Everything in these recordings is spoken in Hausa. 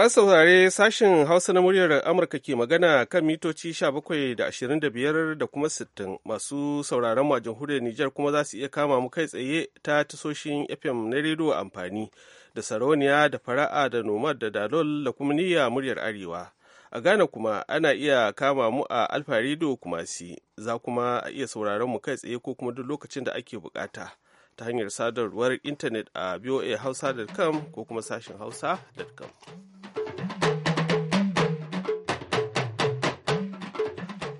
Ba saurare sashen Hausa na muryar Amurka ke magana kan mitoci 17.25 da da kuma 60 masu sauraron mu a jamhuriyar Nijar kuma za su iya kama mu kai tsaye ta tasoshin FM na rediyo amfani da sarauniya da fara'a da nomad da dalol da kuma niyya muryar Arewa. A Ghana kuma ana iya kama mu a Alfa Radio Kumasi za kuma a iya sauraron mu kai tsaye ko kuma duk lokacin da ake bukata. ta hanyar sadarwar intanet a voahausa.com ko kuma sashen hausa.com.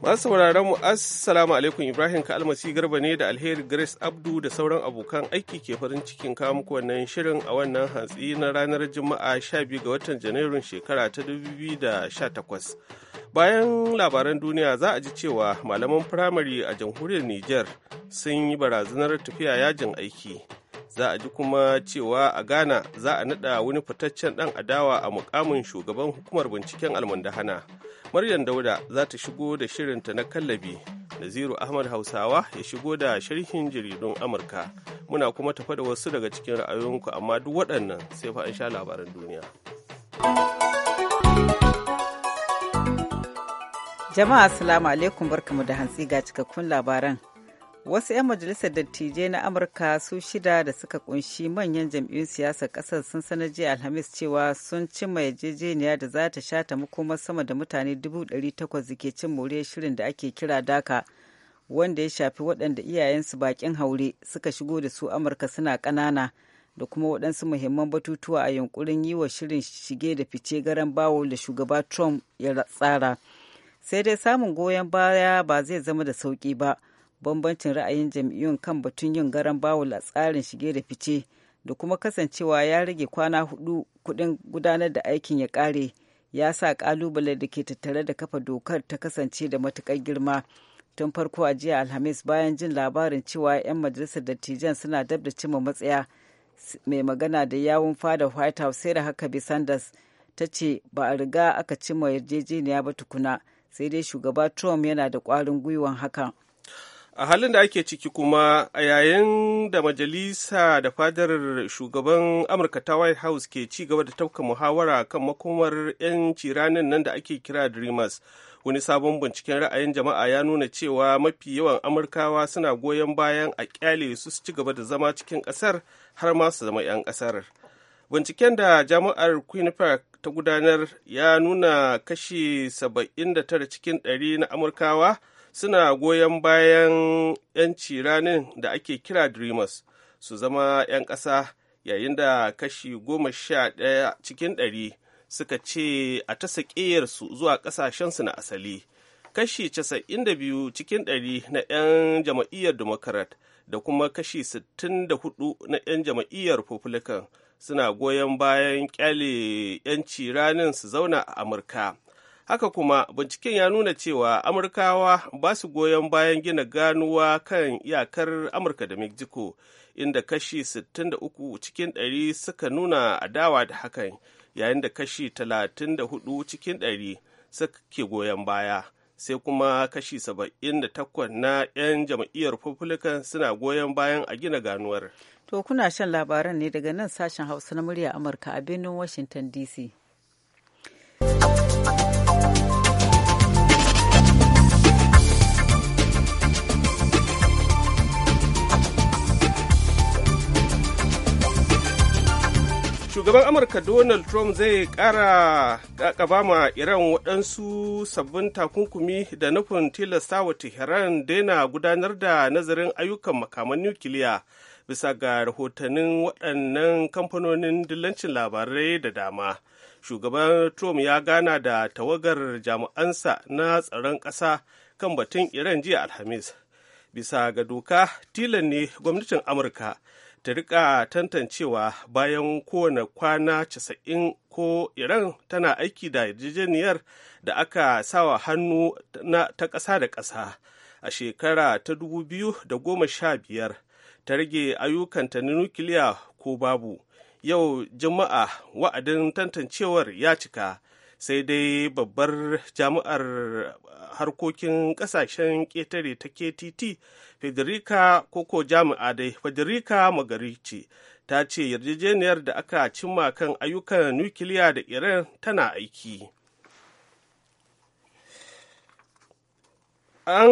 Masu sauraron mu assalamu alaikum Ibrahim ka almasi garba ne da alheri Grace Abdu da sauran abokan aiki ke farin cikin kawo wannan shirin a wannan hantsi na ranar Juma'a 12 ga watan Janairun shekara ta 2018. bayan labaran duniya za a ji cewa malaman firamare a jamhuriyar niger sun yi barazanar tafiya yajin aiki za a ji kuma cewa a ghana za a nada wani fitaccen dan adawa a mukamin shugaban hukumar binciken almundahana maryam dauda za ta shigo da shirinta na kallabi naziru ahmad hausawa ya shigo da sharhin jaridun amurka muna kuma tafa da wasu daga cikin ra'ayoyinku amma duk waɗannan sai fa an sha labaran duniya. Jama'a Assalamu alaikum barkamu da hantsi ga cikakkun labaran. Wasu 'yan majalisar dattijai na Amurka su shida da suka kunshi manyan jam'iyyun siyasar kasar sun sanar jiya Alhamis cewa sun cimma yarjejeniya da za ta shata makomar sama da mutane 800 da ke cin more shirin da ake kira daka wanda ya shafi waɗanda iyayensu bakin haure suka shigo da su Amurka suna ƙanana da kuma waɗansu muhimman batutuwa a yunkurin yi wa shirin shige da fice garan bawul da shugaba Trump ya tsara. sai dai samun goyon baya ba zai zama da sauƙi ba bambancin ra'ayin jam'iyyun kan batun yin garan bawul a tsarin shige da fice da kuma kasancewa ya rage kwana hudu kuɗin gudanar da aikin ya kare ya sa ƙalubale da ke tattare da kafa dokar ta kasance da matukar girma tun farko a jiya alhamis bayan jin labarin cewa 'yan majalisar dattijan suna dab da cimma matsaya mai magana da yawun fada white house sai da haka sanders ta ce ba a riga aka cimma yarjejeniya ba tukuna sai dai shugaba trump yana da ƙwarin gwiwan haka a halin da ake ciki kuma a yayin da majalisa da fadar shugaban amurka ta white house ke ci gaba da tafka muhawara kan makomar 'yanci ranar nan da ake kira dreamers wani sabon binciken ra'ayin jama'a ya nuna cewa mafi yawan amurkawa suna goyon bayan a kyale su ci gaba da zama cikin kasar har ma su zama 'yan kasar binciken da jami'ar park ta gudanar ya nuna kashi 79 cikin 100 na amurkawa suna goyon bayan 'yanci ranin da ake kira dreamers su zama 'yan ƙasa yayin da kashi 11 cikin 100 suka ce a ta su zuwa ƙasashensu na asali kashi 92 cikin 100 na 'yan jama'iyyar democrat da kuma kashi 64 na 'yan jama'iyyar republican suna goyon bayan kyale 'yanci ranin su zauna a amurka haka kuma binciken ya nuna cewa amurkawa ba su goyon bayan gina ganuwa kan iyakar amurka da mexico inda kashi 63 cikin ɗari suka nuna adawa da hakan yayin da kashi 34 cikin 100 ke goyon baya sai kuma kashi saba'in da takwas na 'yan jam'iyyar republican suna goyon bayan a gina ganuwar to kuna shan labaran ne daga nan sashen hausa na murya amurka a birnin washington dc shugaban amurka donald trump zai kara kakaba ma iran waɗansu sabbin takunkumi da nufin tilasta wa tehran daina gudanar da nazarin ayyukan makaman nukiliya bisa ga rahotannin waɗannan kamfanonin dillancin labarai da dama shugaban trump ya gana da tawagar jami'ansa na tsaron ƙasa kan batun iran jiya alhamis bisa ga doka tilan ne gwamnatin amurka ta rika tantancewa bayan kowane kwana casa'in ko iran tana aiki da yarjejeniyar da aka sawa hannu ta ƙasa da ƙasa a shekara ta dubu biyu da goma sha biyar. ta rage ayyukanta na nukiliya ko babu yau juma'a wa'adin tantancewar ya cika sai dai babbar jami'ar eh, harkokin kasashen ƙetare ta ktt federica koko jami'a dai federica magarici ta ce yarjejeniyar da aka cimma kan ayyukan nukiliya da iran tana aiki an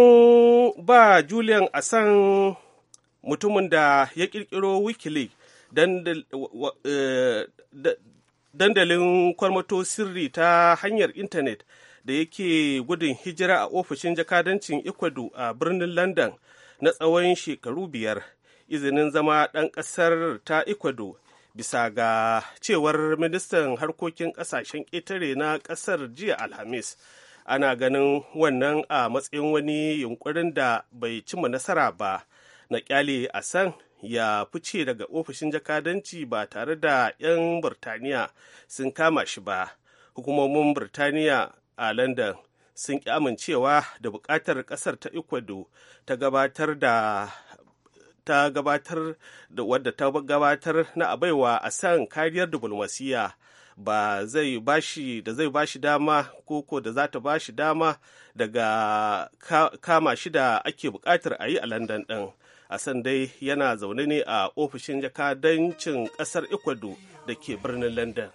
ba julian san mutumin da ya kirkiro wikileaks eh, dandalin kwarmato sirri ta hanyar intanet da yake gudun hijira a ofishin jakadancin ecuador a birnin london na tsawon shekaru biyar izinin zama ɗan ƙasar ta ecuador bisa ga cewar ministan harkokin ƙasashen ƙetare na ƙasar jiya alhamis ana ganin wannan a matsayin wani yunkurin da bai cimma nasara ba na kyale a san ya fice daga ofishin jakadanci ba tare da 'yan Birtaniya sun kama shi ba. Hukumomin Birtaniya a London sun ƙi amincewa da buƙatar ƙasar ta Ecuador ta gabatar da ta gabatar da wadda ta gabatar na abaiwa a san kariyar dubulmasiya ba zai bashi da zai bashi dama ko da za ta bashi dama daga kama shi da ake bukatar a yi a london ɗin. A dai yana zaune ne a ofishin jakadancin ƙasar Ecuador da ke birnin London.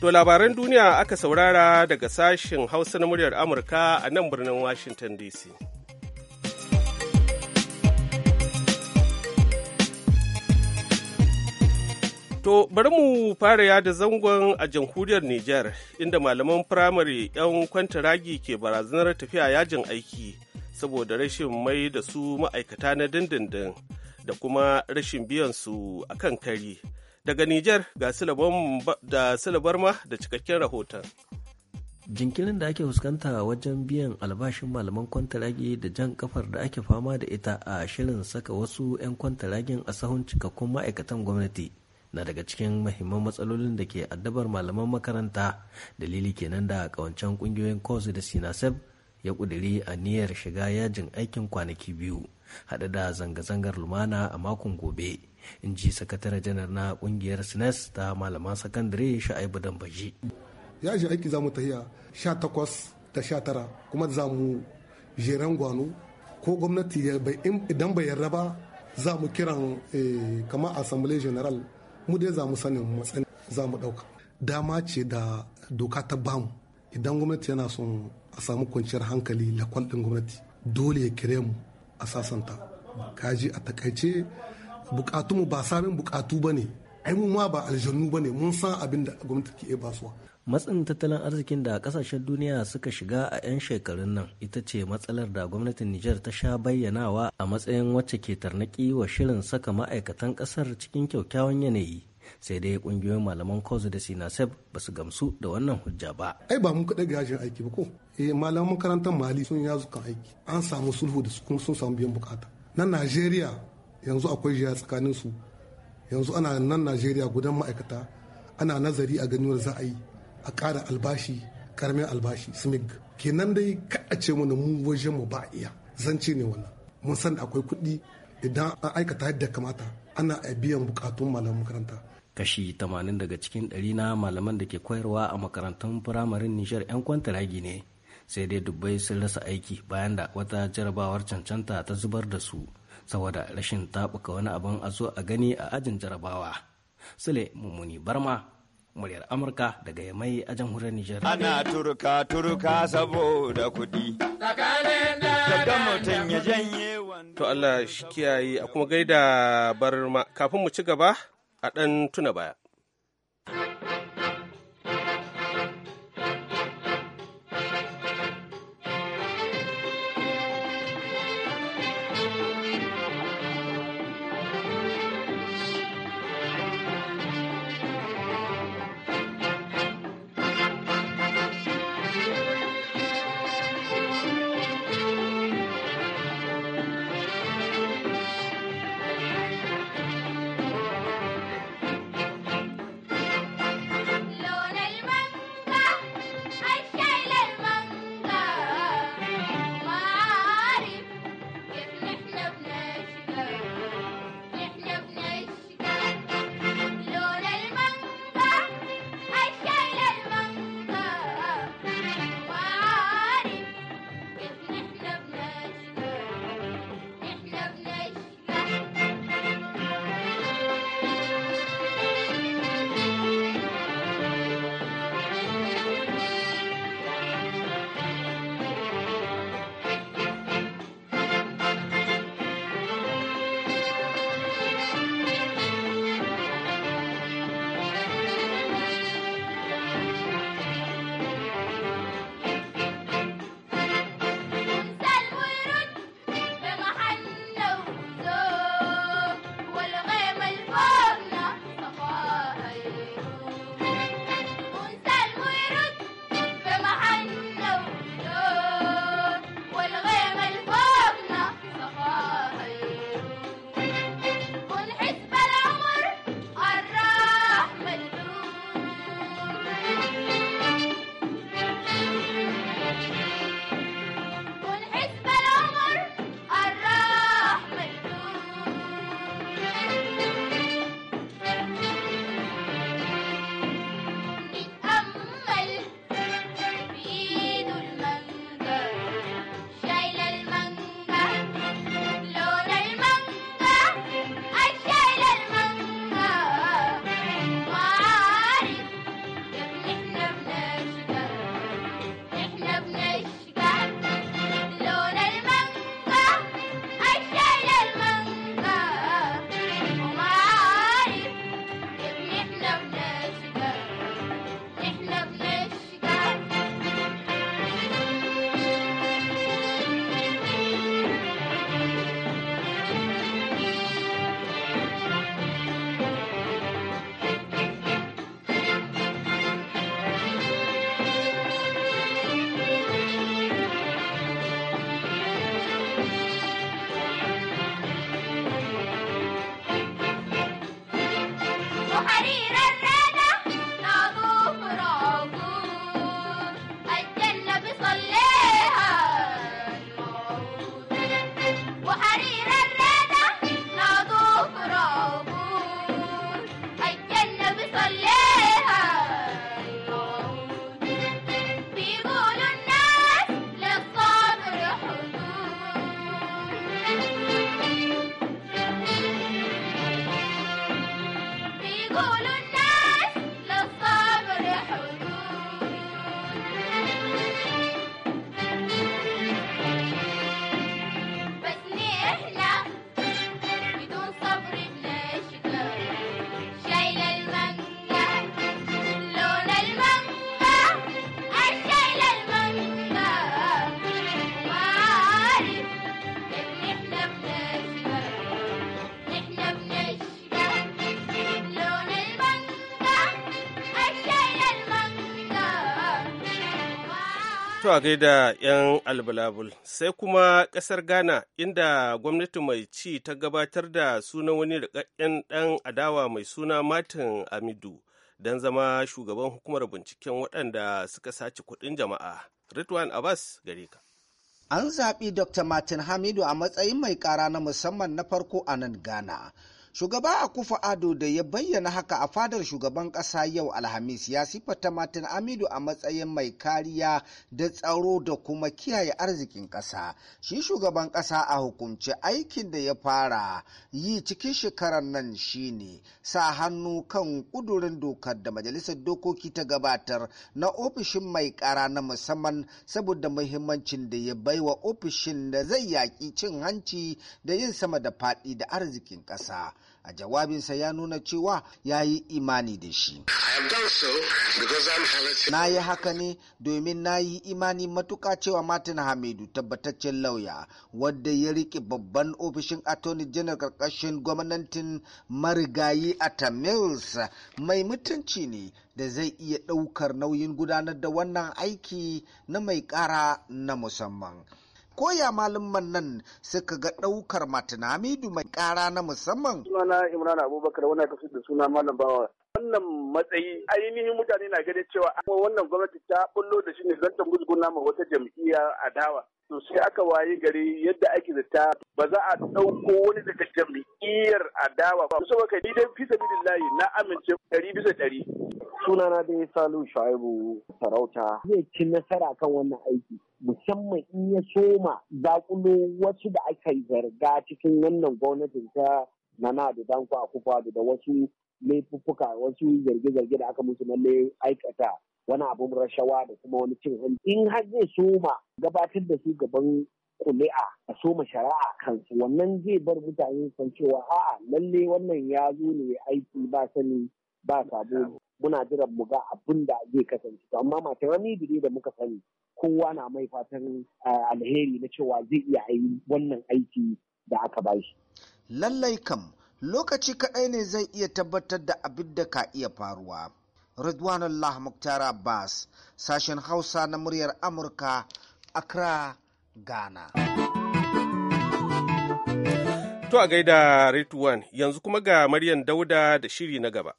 To labaran duniya aka saurara daga sashen Hausa na muryar Amurka a nan birnin Washington DC. To bari mu fara yada zangon a jamhuriyar Nijar inda malaman firamare 'yan kwantaragi ke barazanar tafiya yajin aiki saboda rashin mai da su ma'aikata na dindindin da kuma rashin biyan su akan kari. Daga Nijar ga silabar ma da cikakken rahoton. jinkirin da ake fuskanta wajen biyan albashin malaman kwantaragi da jan kafar da ake fama da ita a shirin saka wasu 'yan kwantaragin a sahun cikakkun ma'aikatan gwamnati na daga cikin mahimman matsalolin da ke addabar malaman makaranta dalili kenan da kawancen kungiyoyin cos da sinasef ya kuduri niyyar shiga yajin aikin kwanaki biyu haɗe da zanga-zangar lumana a makon gobe in ji sakatare janar na kungiyar sines ta malaman sakandare sha'ibu dambaji yajin aiki za mu tahiya takwas da tara kuma za mu jeren gwano ko gwamnati idan bai yarda ba za mu kiran eh, kamar assembly general mu dai za mu sanin sani za mu ɗauka dama ce da doka ta bamu idan gwamnati yana son a samu kwanciyar hankali lakwal ɗin gwamnati dole ya kire mu a sasanta kaji a takaice bukatunmu ba samun bukatu ba ne ai mu ma ba aljannu ba ne mun san abin da gwamnati ke iya basuwa matsin tattalin arzikin da kasashen duniya suka shiga a 'yan shekarun nan ita ce matsalar da gwamnatin nijar ta sha bayyanawa a matsayin wacce ke tarnaki wa shirin saka ma'aikatan kasar cikin kyaukyawan yanayi sai dai kungiyoyin malaman kozu da sinasef ba su gamsu da wannan hujja ba ai ba mun kaɗai gajin aiki ba ko eh malaman makarantar mali sun ya zukan aiki an samu sulhu da su kuma sun samu biyan bukata na najeriya yanzu akwai jiya tsakanin su yanzu ana nan najeriya gudan ma'aikata ana nazari a ganin za a yi a ƙara albashi karamin albashi smig kenan dai ka a ce mana mu wajen mu ba iya zance ne wannan mun san akwai kuɗi idan an aikata yadda kamata ana biyan bukatun malaman makaranta kashi 80 daga cikin ɗari na malaman da ke koyarwa a makarantun firamarin Nijar 'yan kwantaragi ne sai dai dubbai sun rasa aiki bayan da wata jarabawar cancanta ta zubar da su saboda rashin taɓuka wani abin a zo a gani a ajin jarabawa sule mummuni barma muryar Amurka daga Yamai a jamhuriyar Nijar. Ana turka turka saboda kuɗi. mutum ya janye To Allah shi kiyaye a kuma gaida bar kafin mu ci gaba a ɗan tuna baya. I'm Ready? To a da 'yan albulabul sai kuma kasar Ghana inda gwamnati mai ci ta gabatar da sunan wani rikakken ɗan adawa mai suna Martin Amidu don zama shugaban hukumar binciken waɗanda suka sace kuɗin jama'a. Ritwan Abbas gare ka. An zaɓi Dr. Martin Hamidu a matsayin mai ƙara na musamman na farko a nan Ghana. Shugaba a Akufa Ado da ya bayyana haka a fadar shugaban ƙasa yau Alhamis ya sifata Martin Amidu a matsayin mai kariya da tsaro da kuma kiyaye arzikin ƙasa. Shi shugaban ƙasa a hukumce aikin da ya fara yi cikin shekarar nan shine sa hannu kan ƙudurin dokar da Majalisar Dokoki ta gabatar na ofishin mai ƙara na musamman saboda muhimmancin da ya baiwa ofishin da zai yaƙi cin hanci da yin sama da faɗi da arzikin ƙasa. a jawabinsa ya nuna cewa ya yi imani da shi. Na yi haka ne domin na yi imani matuka cewa Martin Hamidu tabbataccen lauya wadda ya riƙe babban ofishin Attorney General karkashin gwamnatin marigayi a Mills mai mutunci ne da zai iya ɗaukar nauyin gudanar da wannan aiki na mai ƙara na musamman. koya malaman nan suka ga ɗaukar matinamidu mai ƙara na musamman. Sunana Imran Abubakar aka ka da suna malam bawa. Wannan matsayi ainihin mutane na ganin cewa wannan gwamnati ta bullo da shi ne zan musguna ma wata jam'iyya adawa. to sai aka waye gari yadda ake zata ba za a ɗauko wani daga jam'iyyar adawa ba kusa baka ni dai fisa bidillahi na amince ɗari bisa ɗari sunana dai salu shaibu sarauta zai ci nasara kan wannan aiki musamman in ya soma zakulo wasu da aka yi zarga cikin wannan gwamnatin ta nana da danko a kufa da wasu laifuffuka wasu zarge-zarge da aka musu na aikata wani abun rashawa da kuma wani cin hanci in har zai soma gabatar da su gaban kuli'a a soma shari'a kansu wannan zai bar mutane san cewa a'a lalle wannan ya zo ne aiki ba sani ba sabo muna jiran mu ga abin da zai kasance amma mace wani dire da muka sani kowa na mai fatan alheri na cewa zai iya yi wannan aiki da aka bashi lallai kam lokaci kaɗai ne zai iya tabbatar da abin da ka iya faruwa Ridwanullah Muktar Abbas, sashen Hausa na muryar Amurka, Accra, Ghana. To a gaida Ritwan, yanzu kuma ga Maryam Dauda da shiri na gaba.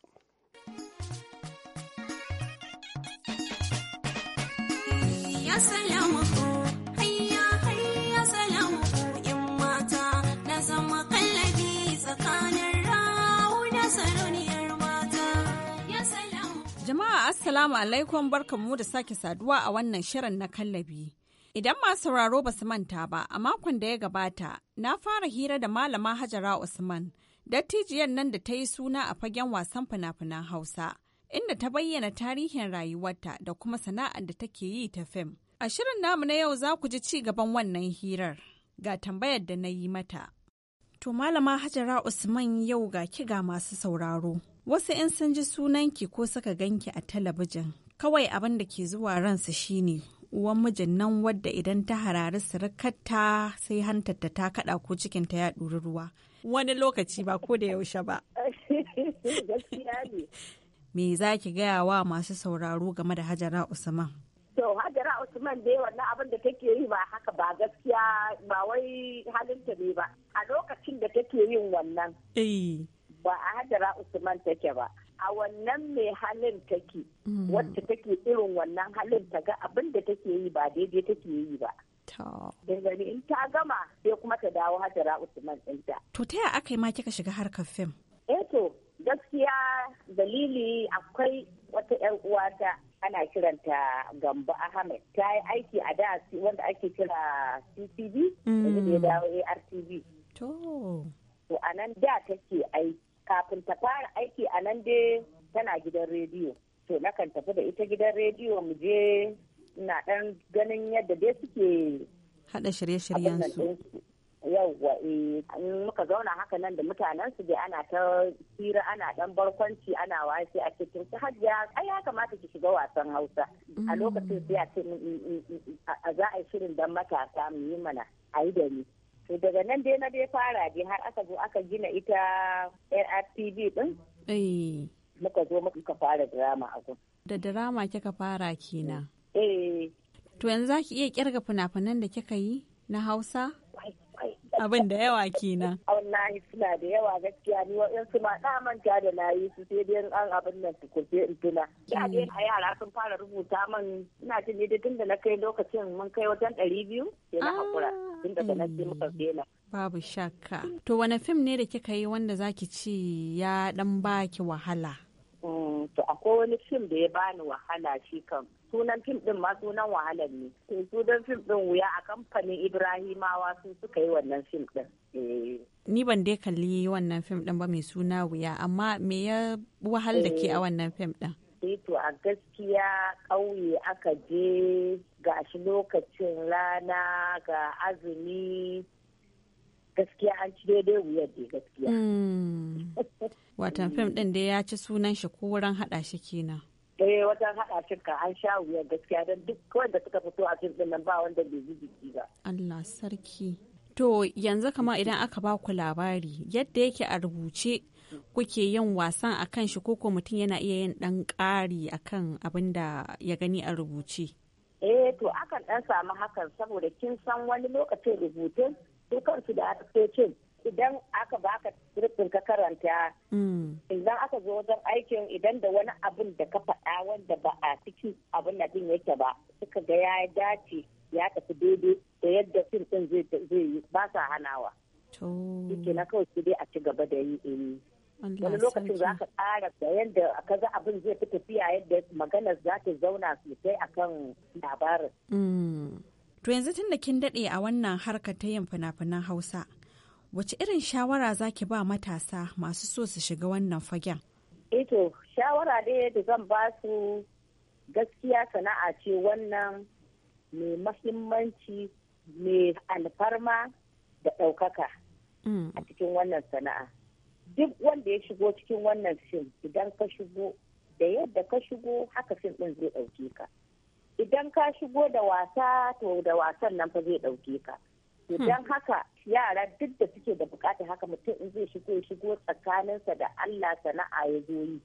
Assalamu alaikum barkanmu da sake saduwa a wannan shirin na kallabi. Idan masu sauraro ba su manta ba, a makon da ya gabata, na fara hira da malama Hajara Usman, dattijiyar nan da ta yi suna a fagen wasan fina-finan Hausa, inda ta bayyana tarihin rayuwarta da kuma sana'ar da take yi ta fim. A shirin namu na yau za ku ji ci gaban wannan hirar, ga tambayar da na yi mata. To malama Hajara Usman yau ga kiga masu sauraro. Wasu 'yan sun ji sunanki ko suka ganki a talabijin, kawai abin da ke zuwa ransa shine uwan mijin nan wadda idan ta harari surukarta sai hantarta ta kada ko cikinta ya ɗuri ruwa. Wani lokaci ba ko da yaushe ba. Me za ki gaya wa masu sauraro game da Hajara Usman? To Hajara Usman dai wannan abin da take yi ba haka ba gaskiya ba wai halinta ne ba. A lokacin da take yin wannan. Eh. ba a hajara usman take ba a wannan mai halin take mm. wacce take irin wannan halin ta ga abin da take yi ba daidai take yi ba gani in ta gama sai kuma ta dawo hajara usman ɗinta. to ta yaya aka yi ma kika shiga harkar fim eh to gaskiya dalili akwai wata 'yar uwata ana kiranta Gambo ahmed ta yi aiki a da wanda ake kira ccb da ya mm. dawo artv to a nan da take aiki kafin ta fara aiki a nan dai tana gidan rediyo to nakan tafi da ita gidan rediyo mu je na dan ganin yadda dai suke hada shirye-shiryen su yawwa eh, in muka zauna haka nan da mutanen su dai ana ta hira ana dan barkwanci ana waye a cikin su hajiya ai ya kamata ki shiga wasan Hausa a mm. lokacin sai a ce mm, mm, a za a yi shirin dan matasa mu yi mana a yi da ni to daga nan dai na dai fara dai har aka zo aka gina ita nrtv din eh. muka zo muka fara drama a da drama kika fara kina eh to yanzu zaki iya kirga fina-finan da kika yi na hausa abin da yawa kenan wallahi suna da yawa gaskiya ni waɗansu ma na manta da na yi su sai dai an abin nan su kurfe in tuna da dai a yara sun fara rubuta man ina jin ne tun da na kai lokacin mun kai wajen ɗari biyu sai na haƙura ah. tun daga na sai muka daina babu shakka to wani fim ne da kika yi wanda zaki ci ya ɗan baki wahala Mm, to akwai wani fim da ya bani wahala shi kan sunan fim din ma sunan wahalar ne sunan fim din wuya a kamfanin ibrahimawa sun suka yi wannan fim din eh. ni ban dai kalli wannan fim din ba mai suna wuya amma me ya wahal da ke a eh. wannan fim din eh, to a gaskiya ƙauye aka je gashi lokacin rana ga azumi gaskiya an ci daidai wuyar da gaskiya. Hmm. Watan fim ɗin da ya ci sunan shi ko wurin haɗa shi kenan. Eh wajen haɗa shi ka an sha wuyar gaskiya don duk wanda suka fito a fim ɗin nan ba wanda bai ji jiki ba. Allah sarki. To yanzu kama idan aka ba ku labari yadda yake a rubuce kuke yin wasan a kan shi koko mutum yana iya yin ɗan ƙari a kan abin da ya gani a rubuce. Eh to akan ɗan samu hakan saboda kin san wani lokacin rubutun su kansu da asibitocin idan aka baka rufin ka karanta idan aka zo wajen aikin idan da wani abin da ka faɗa wanda ba a cikin abin na din yake ba suka ga ya dace ya tafi daidai da yadda fim din zai yi ba sa hanawa shi na kawai su dai a ci gaba da yi eh. wani lokacin za ka tsara da yadda ka ga abin zai fi tafiya yadda maganar za ta zauna sosai akan labarin mm. To yanzu tun da kin daɗe a wannan harka ta yin fina-finan Hausa, wace irin shawara za ki ba matasa masu so su shiga wannan fagen? Eto, eh shawara dai da zan ba su gaskiya sana'a ce wannan mai mahimmanci mai alfarma da ɗaukaka mm. a cikin wannan sana'a. Duk wanda ya shigo cikin wannan fim idan ka shigo, da yadda ka shigo haka fim ɗin zai ɗauke ka. idan ka shigo da wasa to da wasan nan fa zai ɗauke ka Idan hmm. haka yara duk da suke da bukatar haka mutum in zai shigo shigo tsakaninsa da Allah sana'a ya zo yi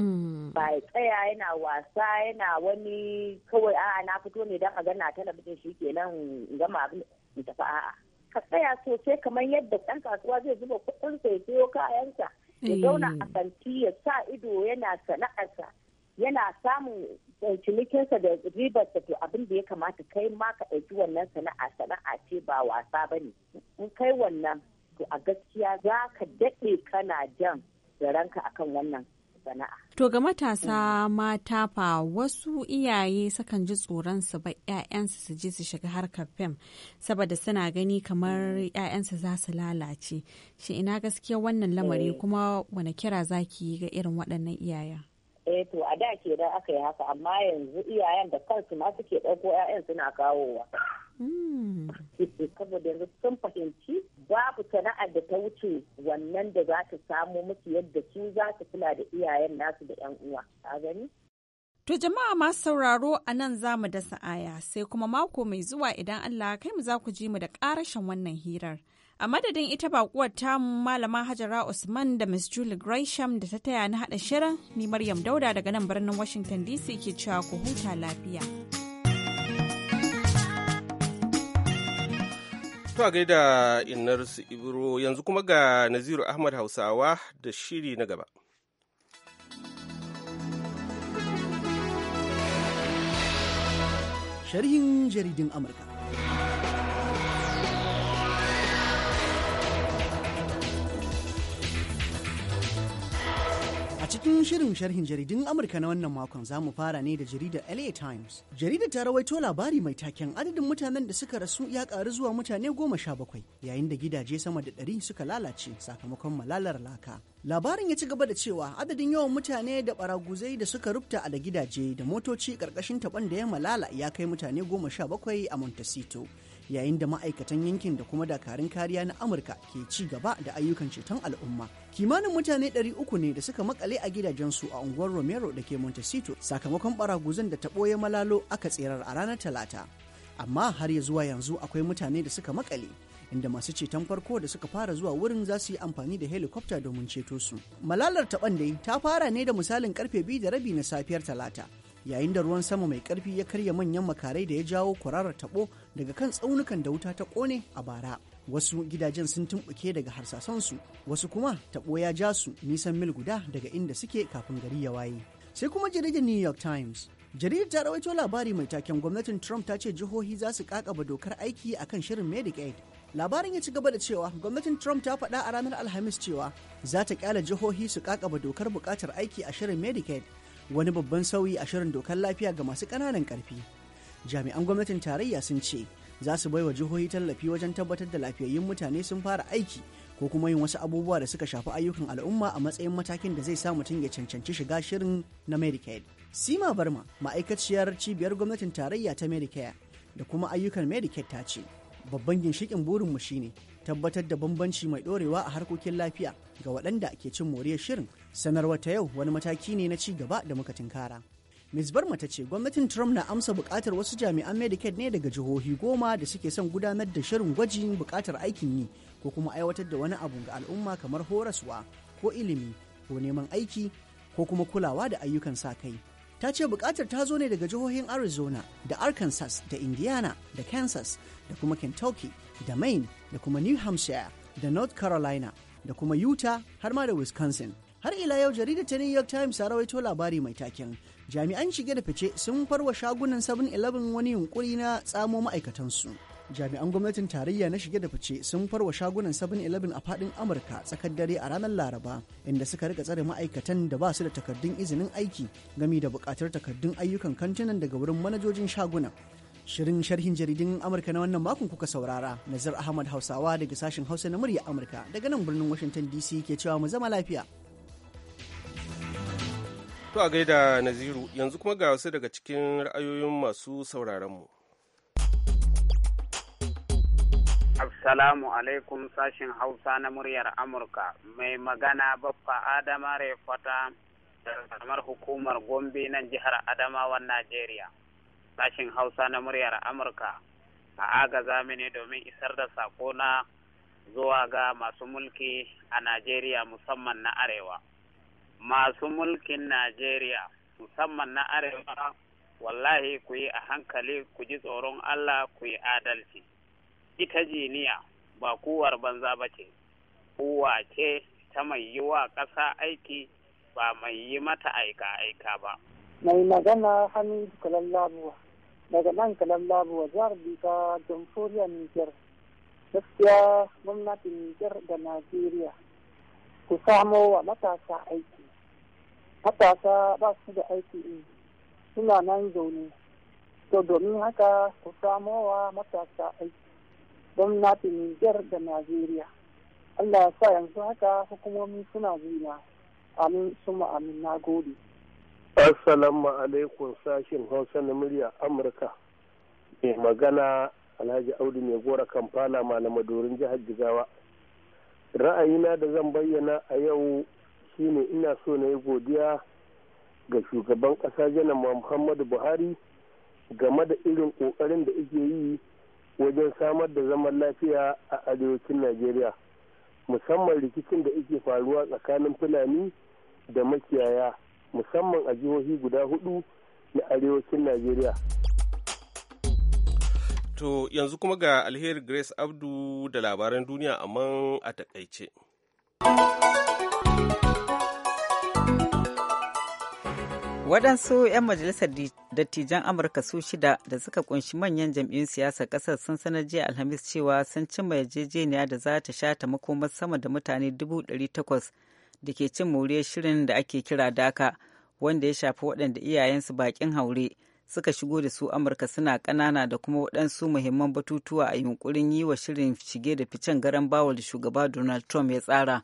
hmm. ba ya tsaya yana wasa yana wani kawai a'a na fito ne don magana talabijin shi kenan gama abin in tafi a'a ka tsaya sosai kamar yadda ɗan kasuwa zai zuba kuɗin ya siyo kayansa ya zauna a eh. kanti ya sa ido yana sana'arsa yana samun eh, cinikinsa da ribarsa to abin da ya kamata kai ma ka ɗauki wannan sana'a sana'a ce ba wasa ba ne in kai wannan to a gaskiya za ka daɗe kana jan da ranka akan wannan sana'a. To ga matasa mata fa wasu iyaye sukan ji tsoron su ba ƴaƴansu su je su shiga harkar fim saboda suna gani kamar ƴaƴansu za su lalace. Shi ina gaskiya wannan lamari eh. kuma wani kira zaki ga irin waɗannan iyayen? eh to a da ke da aka yi haka amma yanzu iyayen da kansu ma suke ɗauko 'ya'yan suna kawowa hmm. saboda yanzu sun fahimci babu sana'ar da ta wuce wannan da za ta samo musu yadda su za su kula da iyayen nasu da 'yan uwa a gani To jama'a masu sauraro a nan za mu dasa aya sai kuma mako mai zuwa idan Allah kai mu za ku ji mu da ƙarashin wannan hirar. A madadin ita bakuwar tamu malama Hajara Usman da Miss Julie Gresham da ta taya na haɗa shirin ni Maryam Dauda daga nan birnin Washington DC ke cewa ku huta lafiya. To a gaida su Ibro yanzu kuma ga Naziru Ahmad Hausawa da shiri na gaba. Sharhin jaridin Amurka. cikin shirin sharhin jaridun Amurka na wannan makon za mu fara ne da jaridar LA Times. Jaridar ta rawaito labari mai taken adadin mutanen da suka rasu ya karu zuwa mutane goma sha bakwai yayin da gidaje sama da ɗari suka lalace sakamakon malalar laka. Labarin ya ci gaba da cewa adadin yawan mutane da ɓaraguzai da suka rubta a da gidaje da motoci ƙarƙashin taɓon da ya malala ya kai mutane goma sha bakwai a Montecito. yayin da ma'aikatan yankin da kuma dakarun kariya na amurka ke ci gaba da ayyukan ceton al'umma kimanin mutane 300 ne da suka makale a gidajensu a unguwar romero da ke montecito sakamakon baraguzan da taɓo ya malalo aka tserar a ranar talata amma har ya zuwa yanzu akwai mutane da suka makale inda masu ceton farko da suka fara zuwa wurin za su yi amfani da helikwafta domin ceto su malalar taɓan dai ta fara ne da misalin karfe biyu da rabi na safiyar talata yayin da ruwan sama mai karfi ya karya manyan makarai da ya jawo kwararar tabo daga kan tsaunukan da wuta ta kone a bara wasu gidajen sun tumbuke daga harsasansu wasu kuma tabo ya ja su nisan mil guda daga inda suke kafin gari ya waye sai kuma jaridar new york times jaridar ta rawaito labari mai taken gwamnatin trump ta ce jihohi za su kakaba dokar aiki akan shirin medicaid labarin ya ci gaba da cewa gwamnatin trump ta faɗa a ranar alhamis cewa za ta kyala jihohi su kakaba dokar buƙatar aiki a shirin medicaid wani babban sauyi a shirin dokar lafiya ga masu ƙananan ƙarfi jami'an gwamnatin tarayya sun ce za su baiwa jihohi tallafi wajen tabbatar da lafiyayyun mutane sun fara aiki ko kuma yin wasu abubuwa da suka shafi ayyukan al'umma a matsayin matakin da zai sa mutum ya cancanci shiga shirin na Medicaid. Sima Barma, ma'aikaciyar cibiyar gwamnatin tarayya ta Medicare da kuma ayyukan Medicaid ta ce, babban ginshikin burinmu shine tabbatar da bambanci mai dorewa a harkokin lafiya ga waɗanda ake cin moriyar shirin sanarwar ta yau wani mataki ne na ci gaba da muka tinkara ms barma ta ce gwamnatin trump na amsa bukatar wasu jami'an medicaid ne daga jihohi goma da suke son gudanar da shirin gwajin bukatar aikin yi ko kuma aiwatar da wani abu ga al'umma kamar horaswa ko ilimi ko neman aiki ko kuma kulawa da ayyukan sa kai ta ce bukatar ta zo ne daga jihohin arizona da arkansas da indiana da kansas da kuma kentucky da maine da kuma new hampshire da north carolina da kuma utah har ma da wisconsin har ila yau jaridar ta new york times ta rawaito labari mai taken jami'an shige da fice sun farwa shagunan 7-eleven wani yunkuri na tsamo ma'aikatansu jami'an gwamnatin tarayya na shige da fice sun farwa shagunan 7-eleven a fadin amurka tsakar dare a ranar laraba inda suka rika tsare ma'aikatan da ba su da takardun izinin aiki gami da bukatar takardun ayyukan kantinan daga wurin manajojin shagunan shirin sharhin jaridin amurka na wannan makon kuka saurara nazar ahmad hausawa daga sashen hausa na murya amurka daga nan birnin washington dc ke cewa mu zama lafiya To a gaida Naziru yanzu kuma ga wasu daga cikin ra'ayoyin masu sauraron sauraronmu. Assalamu alaikum sashin Hausa na muryar Amurka mai magana Baffa Adama Refata da kamar hukumar Gombe nan jihar Adamawan Najeriya. Sashin Hausa na muryar Amurka a agaza mini domin isar da sako na zuwa ga masu mulki a Najeriya musamman na Arewa. masu mulkin Najeriya musamman na arewa wallahi ku yi a hankali ku ji tsoron Allah ku yi adalci. Ita jiniya ba kuwar banza ba ce, kuwa ce ta mai yi wa ƙasa aiki ba mai yi mata aika-aika ba. Mai magana Hamidu Labuwa, daga nan kalan Labuwa jihar Bika jamhuriyar Nijar. Gaskiya gwamnatin Nijar da Najeriya ku samo wa matasa aiki. matasa ba su da aiki ne suna nan zaune to domin haka ku samo wa matasa aiki don gwamnatin Nijar da Najeriya. Allah ya sa yanzu haka hukumomi suna zina. Amin suma amin na gode. Assalamu alaikum sashin Hausa na murya Amurka. Mai magana Alhaji Audu mai gora Kampala malama dorin jihar Jigawa. Ra'ayina da zan bayyana a yau shine ina so na yi godiya ga shugaban ƙasa janar muhammadu buhari game da irin ƙoƙarin da ake yi wajen samar da zaman lafiya a arewacin najeriya musamman rikicin da ake faruwa tsakanin fulani da makiyaya musamman a jihohi guda hudu na arewacin najeriya to yanzu kuma ga alheri grace abdu da labaran duniya amma a takaice. waɗansu 'yan majalisar dattijan amurka su shida da suka kunshi manyan jam'iyyun siyasar ƙasar sun sanar jiya alhamis cewa sun cimma yarjejeniya da za ta shata makomar sama da mutane 800 da ke cin moriyar shirin da ake kira daka wanda ya shafi waɗanda iyayensu baƙin haure suka shigo da su amurka suna ƙanana da kuma waɗansu muhimman batutuwa a yunƙurin yi wa shirin shige da ficen garan bawa da shugaba donald trump ya tsara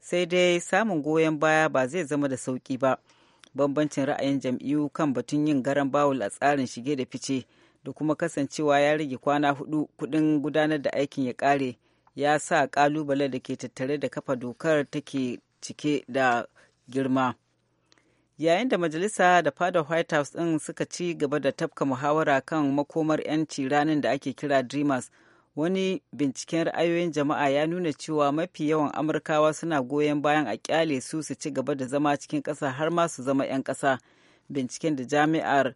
sai dai samun goyon baya ba zai zama da sauƙi ba. bambancin ra'ayin jam'iyyu kan batun yin garan bawul a tsarin shige da fice da kuma kasancewa ya rage kwana hudu kudin gudanar da aikin ya kare ya sa kalubale da ke tattare da kafa dokar take cike da girma yayin da majalisa da fadar white house din suka ci gaba da tafka muhawara kan makomar 'yanci ranar da ake kira dreamers wani binciken ra'ayoyin jama'a ya nuna cewa mafi yawan amurkawa suna goyon bayan a kyale su su ci gaba da zama cikin ƙasa har ma su zama 'yan ƙasa binciken da jami'ar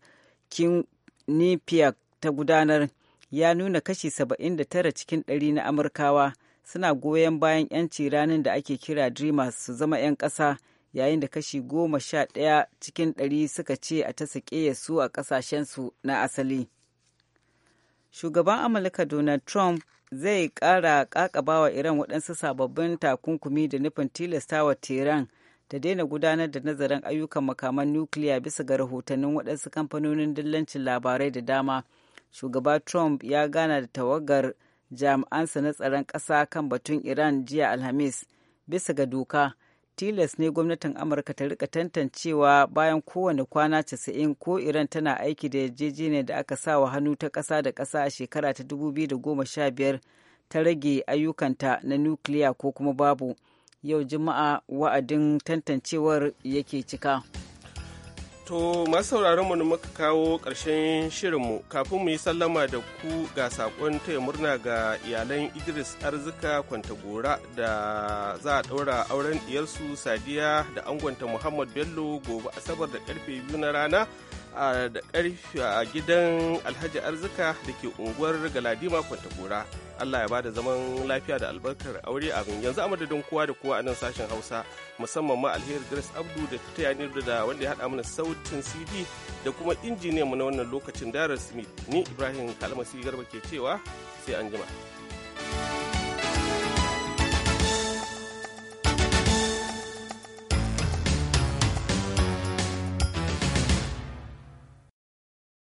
kinnipiak ta gudanar ya nuna kashi 79 cikin 100 na amurkawa suna goyon bayan 'yanci ranar da ake kira dreamers su zama 'yan ƙasa yayin da kashi 11 cikin 100 suka ce a ta su a ƙasashensu na asali. shugaban amurka donald trump zai kara kakabawa iran waɗansu sababbin takunkumi da nufin tilastawa tehran ta daina gudanar da nazarin ayyukan makaman nukiliya bisa ga rahotannin waɗansu kamfanonin dillancin labarai da dama shugaba trump ya gana da tawagar jami'ansa na tsaron ƙasa kan batun iran jiya alhamis bisa ga doka tilas ne gwamnatin amurka ta rika tantancewa bayan kowane kwana 90 ko iran tana aiki da yarjejeniyar da aka sa wa hannu ta kasa da kasa a shekara ta 2015 ta rage ayyukanta na nukiliya ko kuma babu yau juma'a wa'adin tantancewar yake cika. To masu sauraron mu muka kawo ƙarshen shirinmu kafin mu yi sallama da ku ga saƙon taya murna ga iyalan Idris Arzika Kwantagora da za a ɗaura auren diyarsu Sadiya da angonta Muhammad Bello gobe Asabar da karfe biyu na rana da karfi a gidan alhaji arzika da ke unguwar galadima kwantagora allah ya ba da zaman lafiya da albarkar aure abin yanzu a madadin kowa da kowa a nan sashen hausa musamman ma alheri grace abdu da ta yani da wanda ya haɗa mana sautin cd da kuma injiniyan mu na wannan lokacin darar smith ni ibrahim kalmasi garba ke cewa sai an jima.